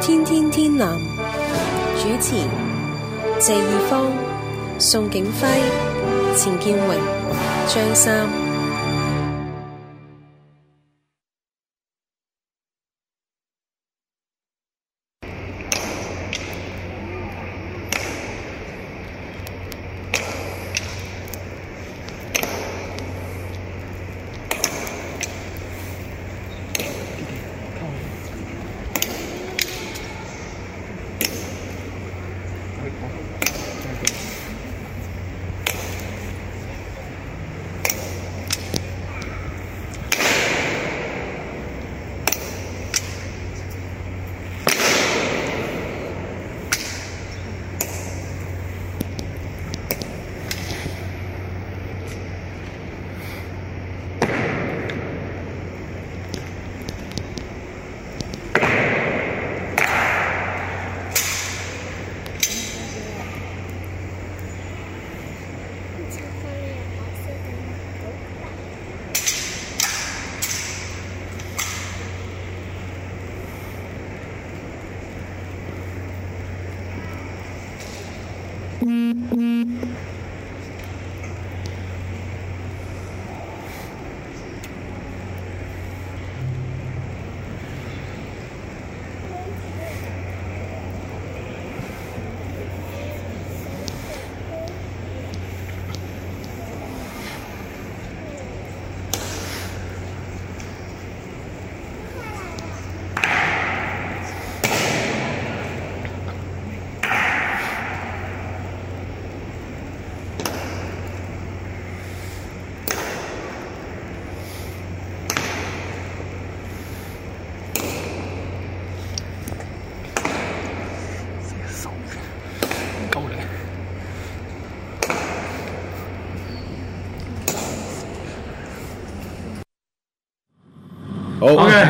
天天天藍，主持：謝義方、宋景輝、錢建榮、張三。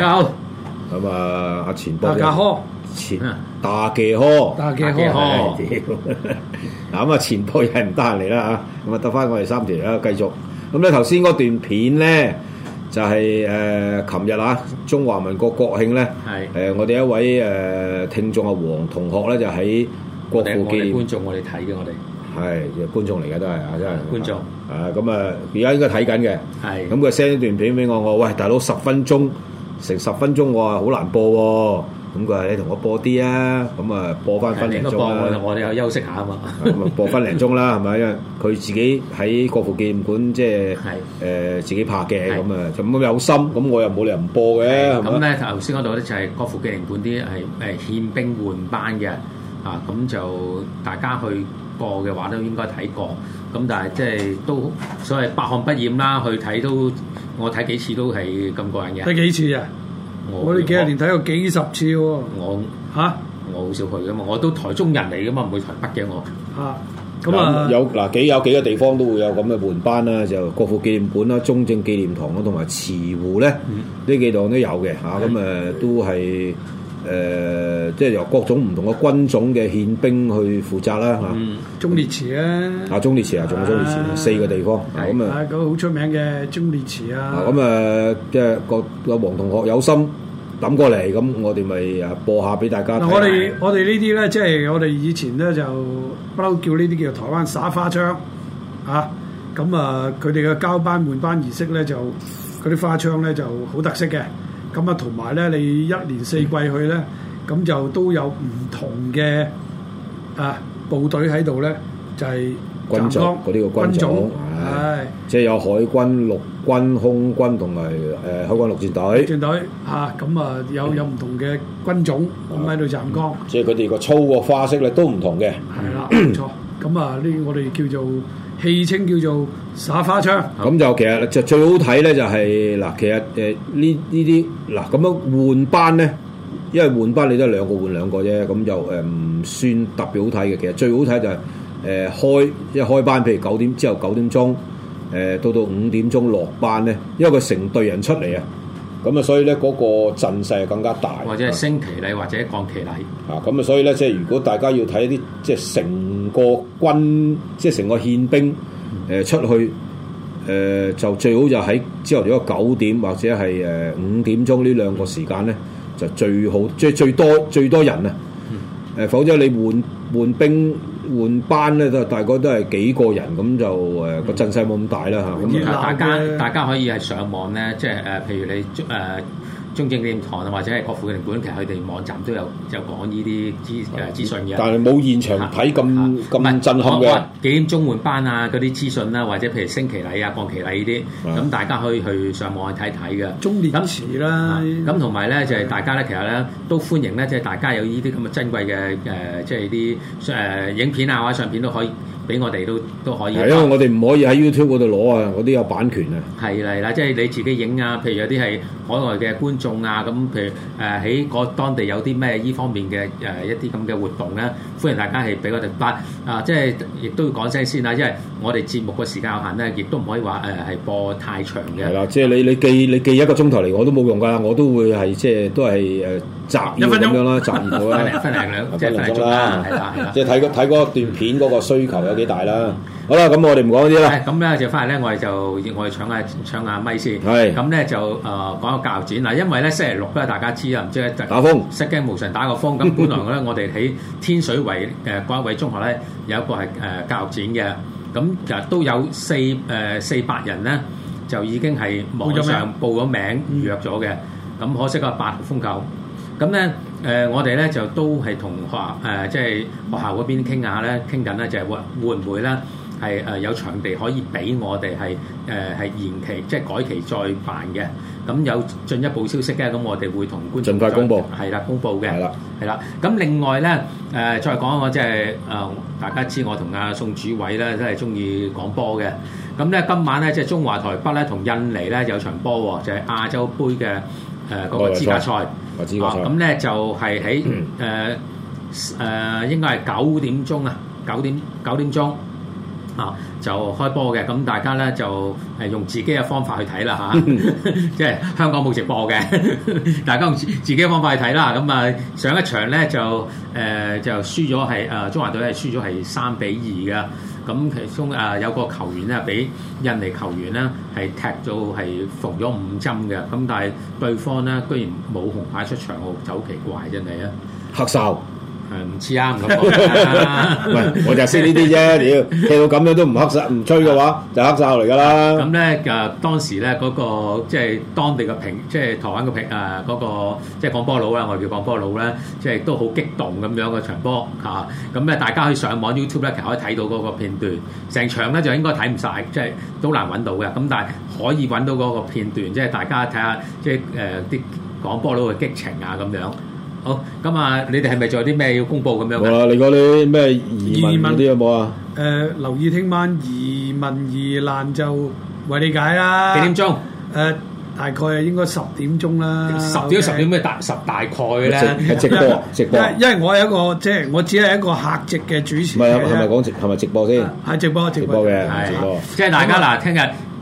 大家好，咁、嗯、啊阿錢波，大殼，錢大嘅呵，大嘅呵。嗱咁啊前波又唔得閒嚟啦吓，咁啊得返我哋三條友啦，繼續，咁咧頭先嗰段片咧就係、是、誒，琴日啊中華民國國慶咧，係是，誒、呃、我哋一位誒、呃、聽眾阿黃同學咧就喺國父紀念館，觀眾我哋睇嘅我哋，係、哎、觀眾嚟嘅都係啊，真係觀眾，嗯、啊咁啊而家應該睇緊嘅，係、啊，咁佢 send 段片俾我，我喂，大佬十分鐘。嗯嗯成十分鐘喎，好難播喎、哦。咁佢話：你同我播啲啊，咁啊播翻分零鐘我哋有休息下啊嘛。咁 啊播分零鐘啦，係咪？因為佢自己喺國父紀念館即係誒是、呃、自己拍嘅，咁啊咁有心。咁我又冇理由唔播嘅。咁咧頭先嗰度咧就係國父紀念館啲係誒憲兵換班嘅啊，咁就大家去過嘅話都應該睇過。咁但係即係都所謂百看不厭啦，去睇都我睇幾次都係咁過癮嘅。睇幾次啊？我呢幾十年睇過幾十次喎、啊。我吓？啊、我好少去㗎嘛，我都台中人嚟㗎嘛，唔會台北嘅我。嚇咁啊，啊有嗱幾有幾個地方都會有咁嘅換班啦，就國父紀念館啦、中正紀念堂啊，同埋慈湖咧，呢、嗯嗯、幾檔都有嘅吓？咁、啊、誒、嗯、都係。誒，即係由各種唔同嘅軍種嘅憲兵去負責啦，吓。忠烈祠啊。啊，忠烈祠啊，仲有忠烈祠，四個地方啊，咁啊。好出名嘅忠烈祠啊。咁啊，即係個阿黃同學有心諗過嚟，咁我哋咪啊播下俾大家。我哋我哋呢啲咧，即係我哋以前咧就不嬲叫呢啲叫做台灣耍花槍啊！咁啊，佢哋嘅交班換班儀式咧，就佢啲花槍咧就好特色嘅。咁啊，同埋咧，你一年四季去咧，咁就都有唔同嘅啊部隊喺度咧，就係站崗嗰啲個軍種，係即係有海軍、陸軍、空軍同埋誒海軍陸戰隊，戰隊嚇，咁啊，有有唔同嘅軍種咁喺度站崗。即係佢哋個操嘅花式咧都唔同嘅。係啦，冇錯。咁啊，呢我哋叫做。戲稱叫做耍花槍，咁就其實就最好睇咧，就係、是、嗱，其實誒呢呢啲嗱咁樣換班咧，因為換班你都係兩個換兩個啫，咁就誒唔算特別好睇嘅。其實最好睇就係、是、誒、呃、開一開班，譬如九點之後九點鐘誒、呃、到到五點鐘落班咧，因為佢成隊人出嚟啊。咁、那個、啊，所以咧嗰個陣勢係更加大，或者係升旗禮或者降旗禮。啊，咁啊，所以咧即係如果大家要睇啲即係成個軍，即係成個憲兵，誒、呃、出去，誒、呃、就最好就喺朝頭早九點或者係誒五點鐘呢兩個時間咧就最好，即係最多最多人啊！誒、呃，否則你換換兵。換班咧都大概都係幾個人咁，就誒個陣勢冇咁大啦吓。咁、嗯嗯、大家、嗯、大家可以係上網咧，即係誒、呃，譬如你誒。呃中正紀念堂啊，或者係國父紀念館，其實佢哋網站都有有講呢啲資誒資訊嘅。但係冇現場睇咁咁震撼嘅。幾點鐘換班啊？嗰啲資訊啦，或者譬如升旗禮啊、降旗禮呢啲，咁的大家可以去上網去睇睇嘅。中年時啦。咁同埋咧就係、是、大家咧，其實咧都歡迎咧，即係大家有呢啲咁嘅珍貴嘅誒、呃，即係啲誒影片啊或者相片都可以。俾我哋都都可以係，因為我哋唔可以喺 YouTube 嗰度攞啊，嗰啲有版權啊。係啦係啦，即係你自己影啊。譬如有啲係海外嘅觀眾啊，咁譬如誒喺個當地有啲咩依方面嘅誒一啲咁嘅活動咧，歡迎大家係俾我哋發啊！即係亦都要講聲先啦，因為我哋節目嘅時間有限咧，亦都唔可以話誒係播太長嘅。係啦，即係你你記你記一個鐘頭嚟我都冇用㗎，我都會係即係都係誒集二咁樣啦，集二到啦，分零兩即係分鐘啦，係啦係啦，即係睇個睇嗰段片嗰個需求咧。幾大啦？好啦，咁我哋唔講嗰啲啦。咁咧、嗯、就翻嚟咧，我哋、啊啊是嗯、就我哋搶下搶下咪先。係咁咧就誒講下教育展嗱，因為咧星期六咧大家知啊，唔知咧打風，失驚無神打個風。咁 本來咧我哋喺天水圍誒關衞中學咧有一個係誒教育展嘅。咁其實都有四誒、呃、四百人咧，就已經係網上報咗名預約咗嘅。咁上、嗯、可惜個八號風球。咁咧。嗯誒、呃，我哋咧就都係同學誒，即、呃、係、就是、學校嗰邊傾下咧，傾緊咧就係會會唔會咧係誒有場地可以俾我哋係誒係延期即係改期再辦嘅。咁有進一步消息咧，咁我哋會同觀眾盡快公佈。係啦，公佈嘅。係啦的，係啦。咁另外咧誒、呃，再講我即係誒，大家知我同阿宋主委咧都係中意講波嘅。咁咧今晚咧即係中華台北咧同印尼咧有場波喎，就係、是、亞洲杯嘅。誒嗰、呃那個資格賽，咁咧、啊啊、就係喺誒誒應該係九點鐘，九點、九點鐘啊，九點九點鐘啊就開波嘅，咁大家咧就誒用自己嘅方法去睇啦嚇，即、啊、係 香港冇直播嘅， 大家用自己嘅方法去睇啦。咁啊上一場咧就誒、呃、就輸咗係誒中華隊咧輸咗係三比二噶。咁其中誒有個球員咧，俾印尼球員咧係踢咗，係縫咗五針嘅，咁但係對方咧居然冇紅牌出場，我就好奇怪真係啊，黑哨。係唔黐啱唔得，嗯、 喂！我就識呢啲啫，屌，睇到咁樣都唔黑晒，唔吹嘅話就黑哨嚟噶啦。咁咧、嗯，誒、啊、當時咧嗰、那個即係當地嘅平，即係台灣嘅平啊，嗰、那個即係港播佬啦，我哋叫廣播佬咧，即係都好激動咁樣嘅場波嚇。咁、啊、咧大家去上網 YouTube 咧，其實可以睇到嗰個片段，成場咧就應該睇唔晒，即係都難揾到嘅。咁但係可以揾到嗰個片段，即係大家睇下，即係誒啲廣播佬嘅激情啊咁樣。好，咁啊，你哋係咪仲有啲咩要公布咁樣？係啊，你嗰啲咩疑問啲有冇啊？誒，留意聽晚疑問疑難就為你解啦。幾點鐘？誒，大概應該十點鐘啦。十點十點咩大十大概咧？直播直播，因為我係一個即係我只係一個客席嘅主持。唔係咪講係咪直播先？係直播直播嘅，係直播。即係大家嗱，聽日。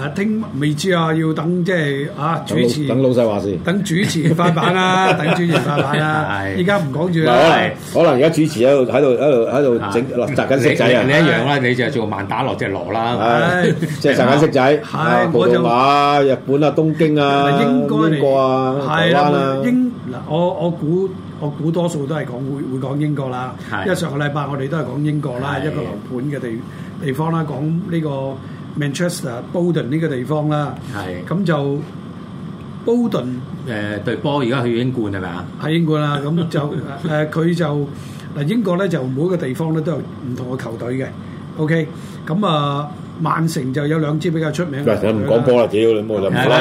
啊，聽未知啊，要等即係啊主持。等老細話先，等主持發版啦，等主持發版啦。係。依家唔講住啦。可能而家主持喺度喺度喺度喺度整擲緊色仔啊！你一樣啦，你就做慢打落隻螺啦，即係擲緊色仔。係。葡萄牙、日本啊、東京啊、英國啊、台灣啦。嗱，我我估我估多數都係講會會講英國啦。因為上個禮拜我哋都係講英國啦，一個樓盤嘅地地方啦，講呢個。曼徹斯特、布頓呢個地方啦，係咁就布頓誒對波，而家去英冠係咪啊？喺英冠啦，咁就誒佢就嗱英國咧就每一個地方咧都有唔同嘅球隊嘅，OK，咁啊曼城就有兩支比較出名。唔講波啦，屌你冇就唔講啦。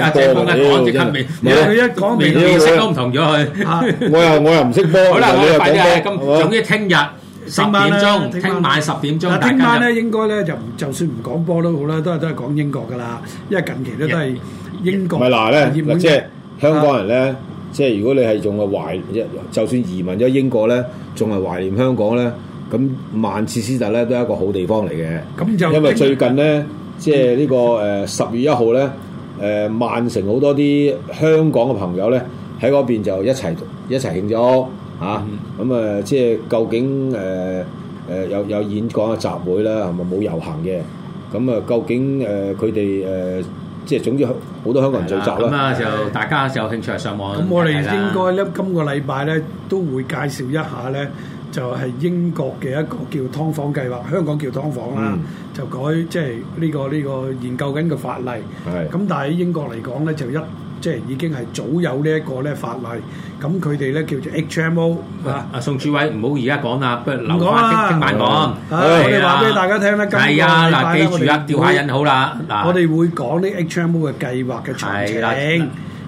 阿姐光一講即刻變，而佢一講變，面色都唔同咗。佢我又我又唔識波，好啦，你快啲，總之聽日。十點鐘，聽晚十點鐘。嗱晚，聽但晚咧應該咧就唔就算唔講波都好啦，都係都係講英國噶啦。因為近期咧都係英國。咪嗱咧，嗯、即係香港人咧，啊、即係如果你係仲係懷一，就算移民咗英國咧，仲係懷念香港咧，咁曼徹斯特咧都係一個好地方嚟嘅。咁就、嗯、因為最近咧，即係、這個嗯呃、呢個誒十月一號咧，誒曼城好多啲香港嘅朋友咧喺嗰邊就一齊一齊慶祝。嚇！咁啊，即係究竟誒誒有有演講嘅集會啦，係咪冇遊行嘅？咁啊，究竟誒佢哋誒即係總之好多香港人聚集啦，咁啊，就大家就有興趣上網。咁我哋應該咧，今個禮拜咧都會介紹一下咧，就係英國嘅一個叫湯房計劃，香港叫湯房啦，就改即係呢個呢個研究緊嘅法例。係。咁但係英國嚟講咧，就一。即係已經係早有呢一個咧法例，咁佢哋咧叫做 HMO 啊！啊，宋主委唔好而家講啦，不如留翻聽聽晚講。我哋話俾大家聽咧，今晚我哋快啦。係啊，嗱，記住啦，吊下癮好啦。嗱，我哋會講啲 HMO 嘅計劃嘅詳情。係啦，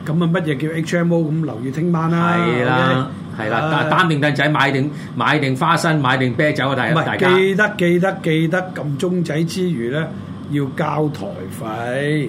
咁啊乜嘢叫 HMO？咁留意聽晚啦。係啦，係啦，擔定凳仔買定買定花生，買定啤酒啊！大家大家記得記得記得撳鐘仔之餘咧，要交台費。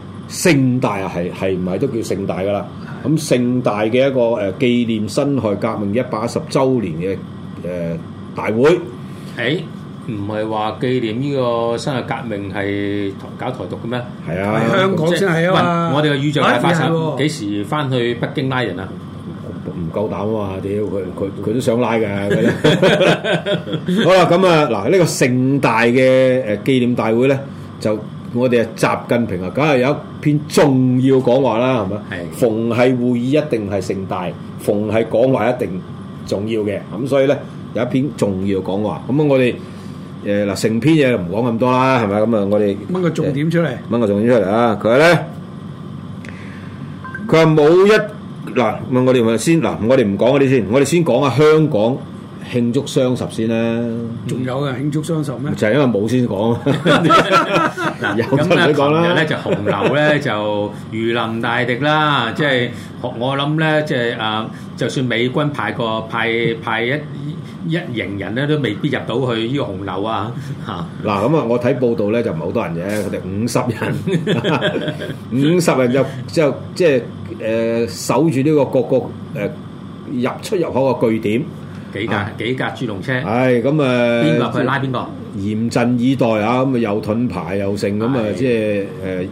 盛大啊，係係唔係都叫盛大噶啦？咁盛大嘅一個誒紀念辛亥革命一百一十周年嘅誒大會，誒唔係話紀念呢個辛亥革命係搞台獨嘅咩？係啊，香港先係啊嘛。我哋嘅預兆係發生，幾時翻去北京拉人啊？唔夠膽啊！屌佢佢佢都想拉嘅。好啦，咁啊嗱，呢個盛大嘅誒紀念大會咧就。我哋啊，習近平啊，梗係有一篇重要講話啦，係咪？逢係會議一定係盛大，逢係講話一定重要嘅。咁所以咧有一篇重要講話。咁啊，我哋誒嗱成篇嘢唔講咁多啦，係咪？咁啊，我哋掹個重點出嚟，掹個重點出嚟啊！佢話咧，佢係冇一嗱，問我哋咪先嗱，我哋唔講嗰啲先，我哋先講下香港。慶祝雙十先啦，仲有嘅慶祝雙十咩？就係因為冇先講。咁咧，然後咧就紅樓咧就如臨大敵啦。即係我諗咧，即係誒，就算美軍派個派派一一營人咧，都未必入到去呢個紅樓啊！吓嗱，咁啊，我睇報道咧就唔係好多人嘅，佢哋五十人，五十人入之後即係誒守住呢個各個誒入出入口嘅據點。幾架、啊、幾架豬籠車？唉，咁誒，邊個去拉邊個？嚴陣以待啊！咁啊，又盾牌又剩咁啊，的即係誒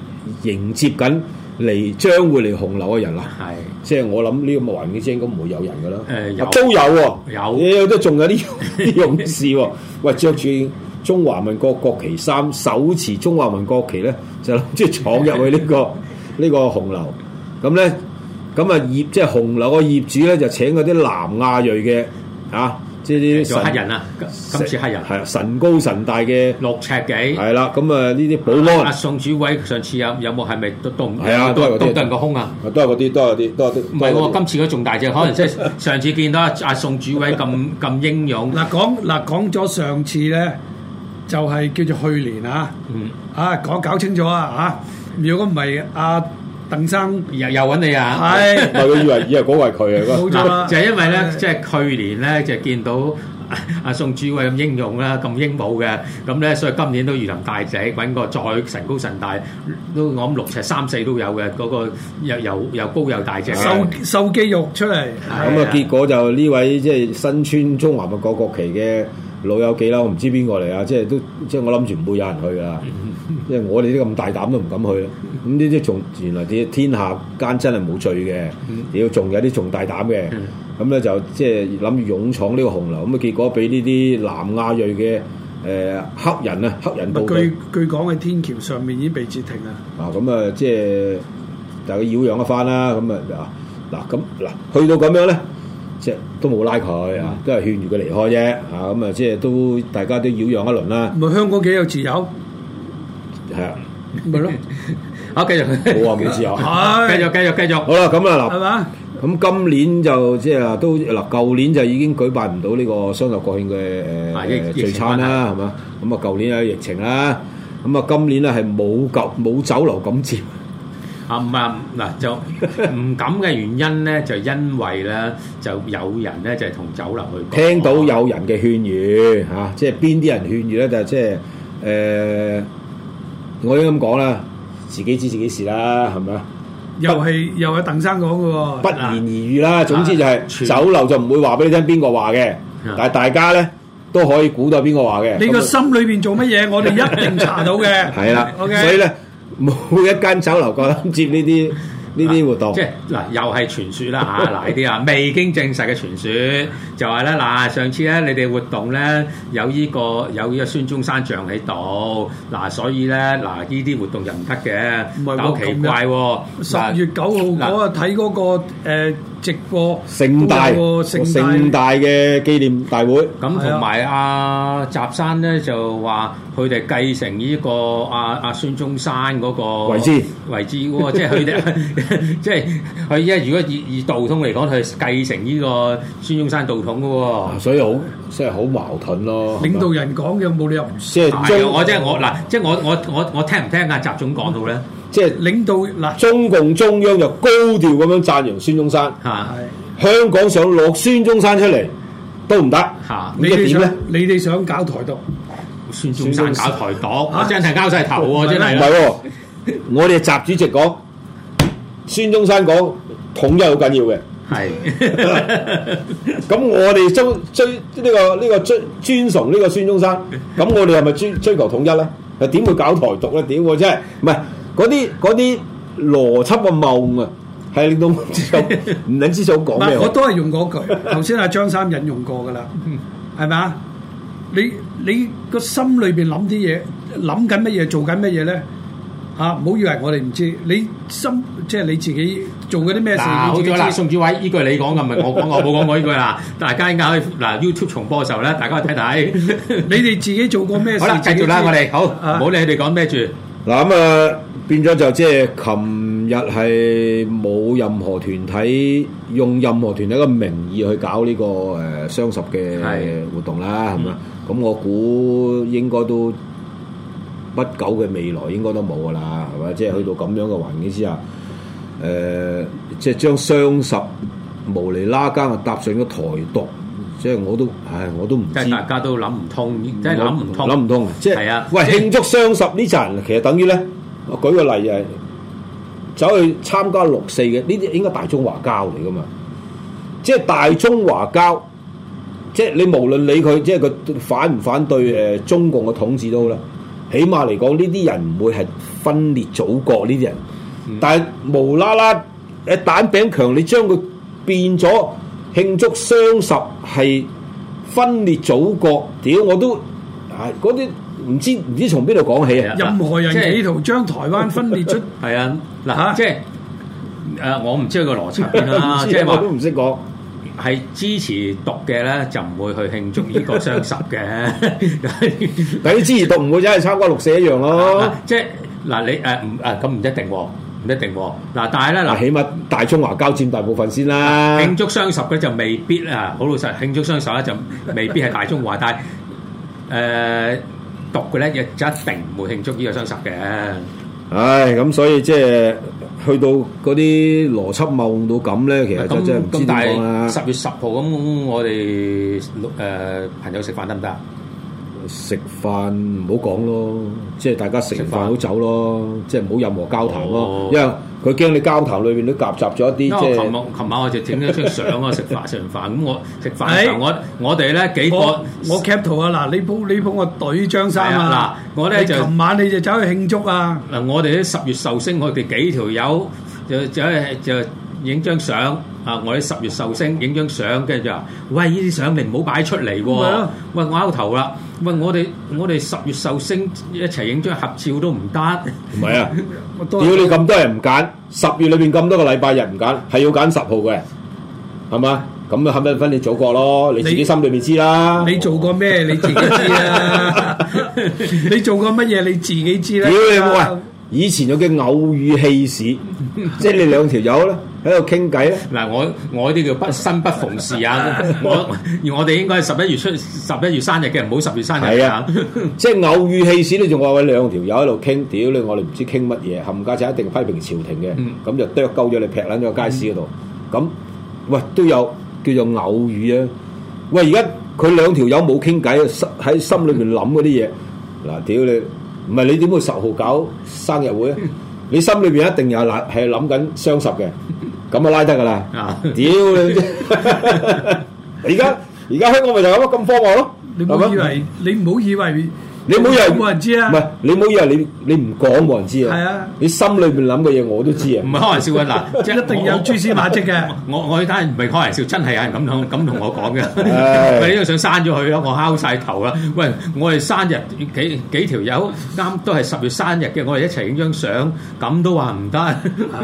迎接緊嚟將會嚟紅樓嘅人啦。係的，即係我諗呢個環境聲，應該唔會有人㗎啦。誒，都有喎，有，有都仲有啲勇士喎。喂，着住中華民國國旗衫，手持中華民國旗咧，就諗住闖入去呢、這個呢的個紅樓。咁咧，咁啊業即係紅樓嘅業主咧，就請嗰啲南亞裔嘅。啊！即係啲、啊啊、有黑人啊，啊，今次黑人係啊，神高神大嘅六尺幾係啦。咁啊，呢啲保安阿宋主委上次有有冇係咪都動係啊，都動人個胸啊？都係嗰啲，都係啲，都係啲。唔係喎，今次嗰仲大隻，可能即係上次見到阿、啊、阿宋主委咁咁英勇、啊。嗱，講嗱講咗上次咧，就係、是、叫做去年啊。嗯。啊，講搞清楚啊，啊！啊，如果唔係阿。啊啊啊啊啊啊啊啊鄧生又又揾你啊！唔係佢以為以為嗰個係佢啊！冇錯，就係因為咧，即係是的 去年咧，就見到阿、啊、宋主位咁英勇啦，咁英武嘅，咁咧，所以今年都如林大隻揾個再神高神大，都我諗六尺三四都有嘅，嗰、那個又又又高又大隻，瘦瘦的肌肉出嚟。咁啊，結果就呢位即係身穿中華民國國旗嘅老友記啦，我唔知邊個嚟啊！即係都即係我諗住唔會有人去啦。 因為我哋啲咁大膽都唔敢去啦，咁呢啲仲原來啲天下間真係冇罪嘅，屌仲有啲仲大膽嘅，咁咧就即係諗住勇闖呢個洪樓，咁啊結果俾呢啲南亞裔嘅誒黑人啊，黑人到，咪據據講喺天橋上面已經被截停啊！啊咁啊，即係大家佢擾攘一番啦，咁啊啊嗱咁嗱去到咁樣咧，即係都冇拉佢啊，都係勸住佢離開啫啊！咁啊，即係都大家都擾攘一輪啦。咪香港幾有自由？係啊，咪咯，好繼續，冇啊，幾時有？繼續繼續繼續，好啦，咁啊，嗱，咁今年就即係都嗱，舊年就已經舉辦唔到呢個雙十國慶嘅誒聚餐啦，係嘛，咁啊，舊年有疫情啦，咁啊，今年咧係冇舊冇酒樓敢接啊，唔係嗱就唔敢嘅原因咧，就因為咧就有人咧就係同酒樓去聽到有人嘅勸喻吓，即係邊啲人勸喻咧，就即係誒。我都咁講啦，自己知自己事啦，係咪啊？又係又係，鄧生講嘅喎。不言而喻啦，啊、總之就係酒樓就唔會話俾你聽邊個話嘅，啊、但係大家咧都可以估到邊個話嘅。你個心裏邊做乜嘢， 我哋一定查到嘅。係啦 了，OK。所以咧，每一間酒樓敢接呢啲。呢啲活動即係嗱，又係傳說啦嚇，嗱呢啲啊未經證實嘅傳說，就係咧嗱，上次咧你哋活動咧有依個有依個孫中山像喺度，嗱所以咧嗱呢啲活動又唔得嘅，唔係好奇怪喎。十月九號，我啊睇嗰個誒直播盛大盛大嘅紀念大會，咁同埋阿習山咧就話佢哋繼承依個阿阿孫中山嗰個位置位置喎，即係佢哋。即係佢，因為如果以以道統嚟講，佢係繼承呢個孫中山道統噶喎，所以好即係好矛盾咯。領導人講嘅冇理由，唔即係我即係我嗱，即係我我我我聽唔聽阿習總講到咧？即係領導嗱，中共中央就高調咁樣讚揚孫中山，香港想落孫中山出嚟都唔得，咩點咧？你哋想搞台獨，孫中山搞台獨，真係交晒頭喎！真係唔係，我哋習主席講。孫中山講統一好緊要嘅，係咁是 我哋追追呢個呢個追尊崇呢個孫中山，咁我哋係咪追追、追、追、追、追求統一咧？又點會搞台獨咧？點真係唔係嗰啲啲邏輯嘅夢啊，係令到唔捻知想講咩？我都係用嗰句，頭先阿張三引用過噶啦，係咪啊？你你個心裏邊諗啲嘢，諗緊乜嘢，做緊乜嘢咧？啊！唔好以為我哋唔知，你心即係你自己做嗰啲咩事？好咗啦，宋主委，依句你講噶，唔係我講， 我冇講過呢句啦。大家可以，嗱、啊、YouTube 重播時候咧，大家去睇睇。 你哋自己做過咩事？ 好啦，繼續啦，我哋好，唔好理佢哋講咩住。嗱咁啊，啊變咗就即係琴日係冇任何團體用任何團體嘅名義去搞呢個誒雙十嘅活動啦，係咪的？咁、嗯、我估應該都。不久嘅未來應該都冇噶啦，係嘛？即係去到咁樣嘅環境之下，誒、呃，即係將雙十無厘啦更，搭上個台獨，即係我都，唉，我都唔知。大家都諗唔通，真係諗唔通，諗唔通。即係是，啊、喂，慶祝雙十呢層其實等於咧，我舉個例就係走去參加六四嘅呢啲，應該大中華膠嚟噶嘛。即係大中華膠，即係你無論理佢即係佢反唔反對誒中共嘅統治都好啦。起碼嚟講，呢啲人唔會係分裂祖國呢啲人，嗯、但係無啦啦誒鄧炳強，你將佢變咗慶祝雙十係分裂祖國，屌我都啊，嗰啲唔知唔知從邊度講起啊！任何人企圖將台灣分裂出係 啊嗱嚇，即係誒我唔知佢個邏輯，即係我都唔識講。係支持獨嘅咧，就唔會去慶祝呢個雙十嘅。但啲支持獨唔會真係參加六四一樣咯。即係嗱你誒唔誒咁唔一定喎，唔一定喎。嗱但係咧嗱，起碼大中華膠佔大部分先啦。嗯、慶祝雙十咧就未必啊！好老實，慶祝雙十咧就未必係大中華， 但係誒獨嘅咧亦就一定唔會慶祝呢個雙十嘅。 唉，咁所以即係去到嗰啲邏輯謬誤到咁咧，其實就真係唔那知點講啦。咁，今日十月十號咁，我哋誒、呃、朋友食飯得唔得？食飯唔好講咯，即係大家食飯好走咯，飯即係冇任何交談咯，哦、因為佢驚你交談裏邊都夾雜咗一啲。即琴是琴晚我就整咗張相啊，食 飯食完飯咁、嗯、我食飯是我我哋咧幾個我 c a p t u 啊嗱，你捧你捧我隊張衫啊嗱，啊我咧就琴晚你就走去慶祝啊嗱，我哋啲十月壽星，我哋幾條友就就就影張相。啊！我喺十月壽星影張相，跟住就話：喂，呢啲相你唔好擺出嚟喎、啊！喂，我拗頭啦！喂，我哋我哋十月壽星一齊影張合照都唔得。唔係啊！屌 你咁多人唔揀，十月裏邊咁多個禮拜日唔揀，係要揀十號嘅，係嘛？咁啊，肯唔肯分裂祖國咯？你,你自己心裏面知啦。你做過咩？你自己知啦、啊。 你做過乜嘢？你自己知啦、啊。哎以前有嘅偶語棄市， 即係你兩條友咧喺度傾偈咧。嗱， 我我呢啲叫不生不逢時啊 ！我我哋應該係十一月出，十一月生日嘅唔好十月生日。係啊，即係 偶語棄市咧，仲話喂兩條友喺度傾，屌你我哋唔知傾乜嘢，冚家姐一定批評朝廷嘅。咁、嗯、就剁鳩咗你，劈捻咗街市嗰度。咁、嗯、喂都有叫做偶語啊！喂而家佢兩條友冇傾偈啊，喺心裏邊諗嗰啲嘢。嗱，屌你！唔係你點會十號搞生日會？ 你心裏邊一定有諗係諗緊雙十嘅，咁啊拉得㗎啦！啊，屌你！而家而家香港咪就咁樣咯，咁荒謬咯！你唔好以為，吧你唔好以為。你唔好以為冇人知啊！唔係，你唔好以為你你唔講冇人知啊！係啊！你心裏邊諗嘅嘢我都知啊！唔係開玩笑啊！嗱，一定有蛛絲馬跡嘅。我我啲單唔係開玩笑，真係有人咁同咁同我講嘅。喂，呢張相刪咗佢啦，我敲曬頭啦！喂，我哋生日幾幾條友啱都係十月生日嘅，我哋一齊影張相，咁都話唔得。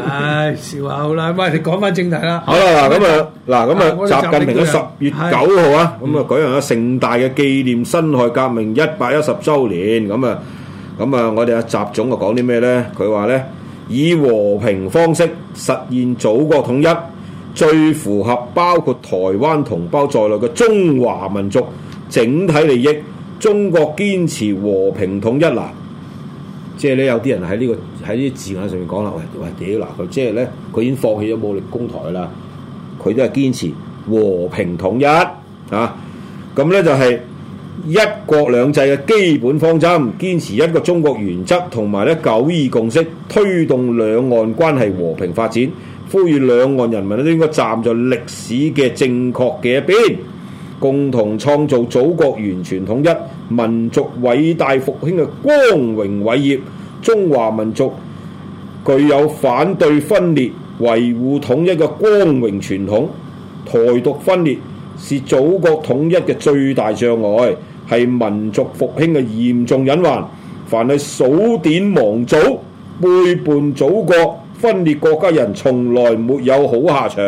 唉，笑話好啦，喂，你講翻正題啦。好啦，嗱咁啊，嗱咁啊，習近平喺十月九號啊，咁啊舉行咗盛大嘅紀念辛亥革命一百一十週周年咁啊，咁啊，我哋阿習總就講啲咩咧？佢話咧，以和平方式實現祖國統一，最符合包括台灣同胞在內嘅中華民族整體利益。中國堅持和平統一啦，即係咧有啲人喺呢個喺呢啲字眼上面講啦，喂喂屌嗱佢，即係咧佢已經放棄咗武力攻台啦，佢都係堅持和平統一啊。咁咧就係。一國兩制嘅基本方針，堅持一個中國原則同埋咧九二共識，推動兩岸關係和平發展，呼籲兩岸人民都應該站在歷史嘅正確嘅一邊，共同創造祖國完全統一、民族偉大復興嘅光榮偉業。中華民族具有反對分裂、維護統一嘅光榮傳統，台獨分裂是祖國統一嘅最大障礙。係民族復興嘅嚴重隱患，凡係數典忘祖、背叛祖國、分裂國家人，從來沒有好下場，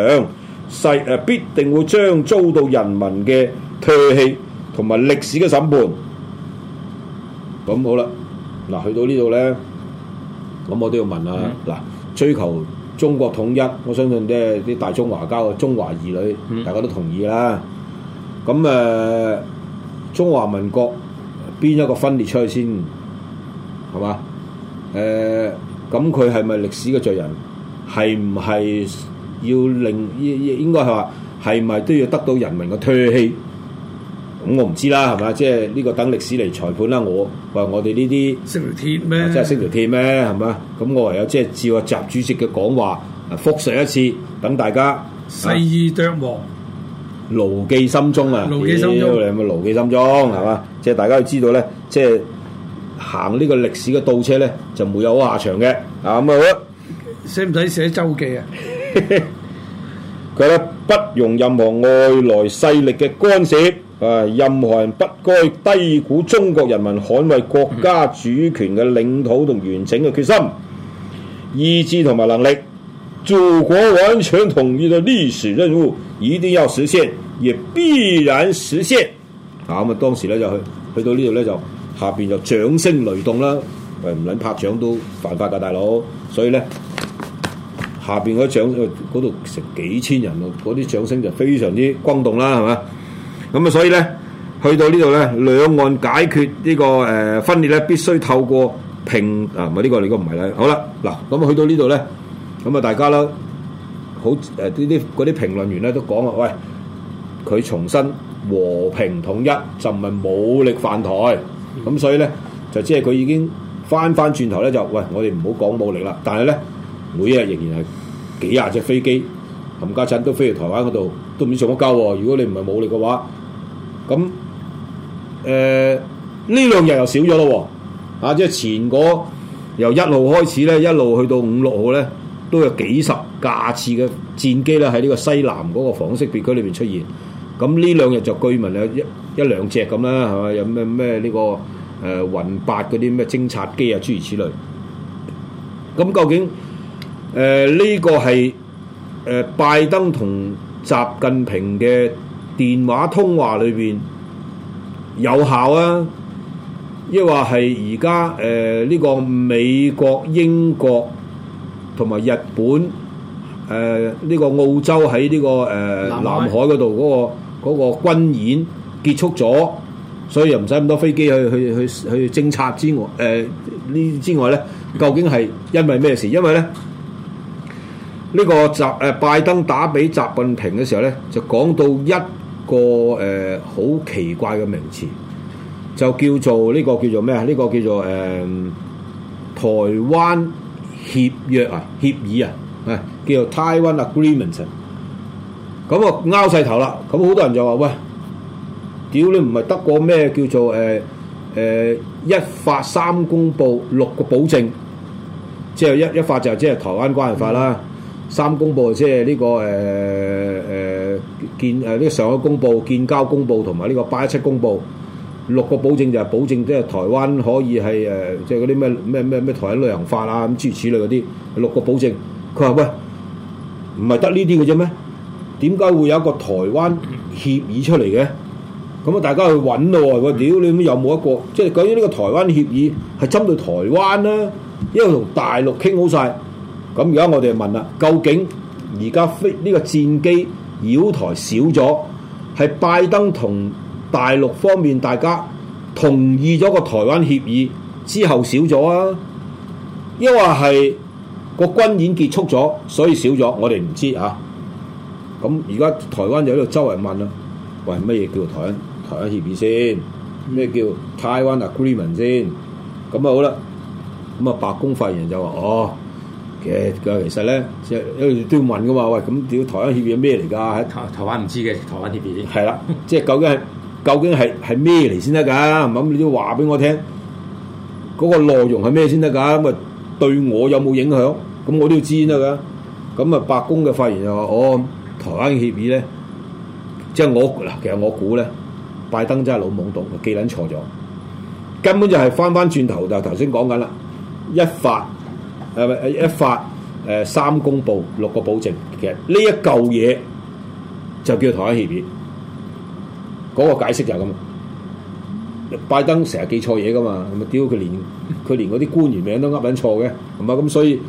勢誒必定會將遭到人民嘅唾棄同埋歷史嘅審判。咁好啦，嗱去到呢度咧，咁我都要問啊，嗱追求中國統一，我相信即係啲大中華家嘅中華兒女，大家都同意啦。咁誒。中華民國邊一個分裂出去先係嘛？誒咁佢係咪歷史嘅罪人？係唔係要令應應應該係話係咪都要得到人民嘅唾棄？咁、嗯、我唔知啦，係咪？即係呢個等歷史嚟裁判啦。我話我哋呢啲識條鐵咩？即係識條鐵咩？係嘛？咁、嗯、我唯有即係照阿習主席嘅講話，復述一次，等大家西夷奪王。牢記心中啊！你有冇牢記心中係嘛，即係大家要知道咧，即係行呢個歷史嘅倒車咧，就冇有下場嘅啊！咁啊，使唔使寫週記啊！佢咧不容任何外來勢力嘅干涉啊！任何人不該低估中國人民捍衛國家主權嘅領土同完整嘅決心、意志同埋能力。祖國完全統一的歷史任務一定要實現，也必然實現。咁啊，當時咧就去常多，去到呢度咧就下邊就掌聲雷動啦。誒、哎,唔捻拍掌都犯法噶、啊，大佬。所以咧，下邊嗰掌嗰度、哎、成幾千人啊，嗰啲掌聲就非常之轟動啦，係嘛？咁啊，所以咧，去到呢度咧，兩岸解決呢、這個誒、呃、分裂咧，必須透過拼啊，唔係呢個，你都唔係啦。好啦，嗱，咁去到呢度咧。咁啊！大家啦，好誒啲啲嗰啲評論員咧都講啊，喂，佢重申和平統一就唔係武力犯台，咁、嗯、所以咧就即係佢已經翻翻轉頭咧就，喂，我哋唔好講武力啦，但係咧每日仍然係幾廿隻飛機，冚家鏟都飛去台灣嗰度，都唔知做乜鳩喎。如果你唔係武力嘅話，咁誒呢兩日又少咗咯、啊，啊！即、就、係、是、前嗰由一號開始咧，一路去到五六號咧，都有幾十架次嘅戰機咧喺呢個西南嗰個防識別區裏邊出現，咁呢兩日就據聞有一一,一兩隻咁啦，係嘛？有咩咩呢個誒、呃、運八嗰啲咩偵察機啊，諸如此類。咁究竟誒呢、呃這個係誒、呃、拜登同習近平嘅電話通話裏邊有效啊？抑或係而家誒呢個美國英國，同埋日本，誒、呃、呢、這個澳洲喺呢、這個誒、呃、南海嗰度嗰個嗰、那個、軍演結束咗，所以又唔使咁多飛機去去去去偵察之外，誒、呃、呢之外咧，究竟係因為咩事？因為咧呢、這個習誒、呃、拜登打俾習近平嘅時候咧，就講到一個誒好、呃、奇怪嘅名詞，就叫做呢、這個叫做咩啊？呢、這個叫做誒、呃、台灣。協約啊，協議啊，啊，叫做 Taiwan Agreement，咁啊拗曬頭啦，咁好多人就話喂，屌你唔係得過咩？叫做誒誒、呃呃、一法三公佈六個保證，即係一一法就即係台灣關係法啦，嗯、三公佈即係呢個誒誒、呃、建誒呢個上海公佈建交公佈同埋呢個八一七公佈。六個保證就係保證，即係台灣可以係誒，即係嗰啲咩咩咩咩台灣旅行法啊，諸如此類嗰啲六個保證。佢話喂，唔係得呢啲嘅啫咩？點解會有一個台灣協議出嚟嘅？咁啊，大家去搵咯。我屌你有冇一個即係關於呢個台灣協議係針對台灣啦？因為同大陸傾好晒。咁而家我哋問啦，究竟而家飛呢個戰機繞台少咗，係拜登同？大陸方面，大家同意咗個台灣協議之後少咗啊，因為係個軍演結束咗，所以少咗。我哋唔知啊。咁而家台灣就喺度周圍問啦，喂，乜嘢叫做台灣台灣協議先？咩叫台灣 Agreement 先？咁啊好啦，咁啊白宮發言人就話哦，其實佢其實咧，即係一都要問噶嘛。喂，咁屌台灣協議係咩嚟㗎？台台灣唔知嘅台灣協議先。係啦，即係究竟係。究竟係係咩嚟先得噶？咁你都話俾我聽，嗰個內容係咩先得噶？咁啊對我有冇影響？咁我都要知啦㗎。咁啊，白宮嘅發言又話：哦，台灣協議咧，即係我嗱，其實我估咧，拜登真係老懵懂，記捻錯咗，根本就係翻翻轉頭就頭先講緊啦，一發誒一發誒三公佈六個保證，其實呢一嚿嘢就叫台灣協議。嗰個解釋就係咁，拜登成日記錯嘢噶嘛？咁啊屌！佢連佢連嗰啲官員名都噏緊錯嘅，係嘛？咁所以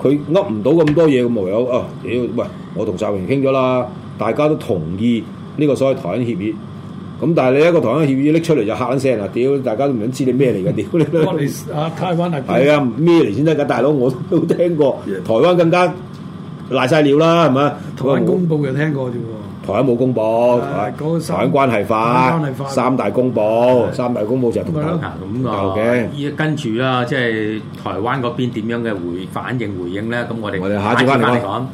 佢噏唔到咁多嘢咁無友啊！屌喂！我同習明傾咗啦，大家都同意呢個所謂台灣協議。咁但係你一個台灣協議拎出嚟就喊撚聲啦！屌大家都唔想知你咩嚟嘅屌！我哋啊，台灣係係啊咩嚟先得㗎？大佬我都聽過台灣更加瀨晒料啦，係嘛？台灣公佈嘅聽過啫喎。台冇公布，台灣關係法，三大公布，三大公布就係同台，同嘅。依跟住啦，即係台灣嗰邊點樣嘅回反應回應咧？咁我哋我哋下一節翻嚟講。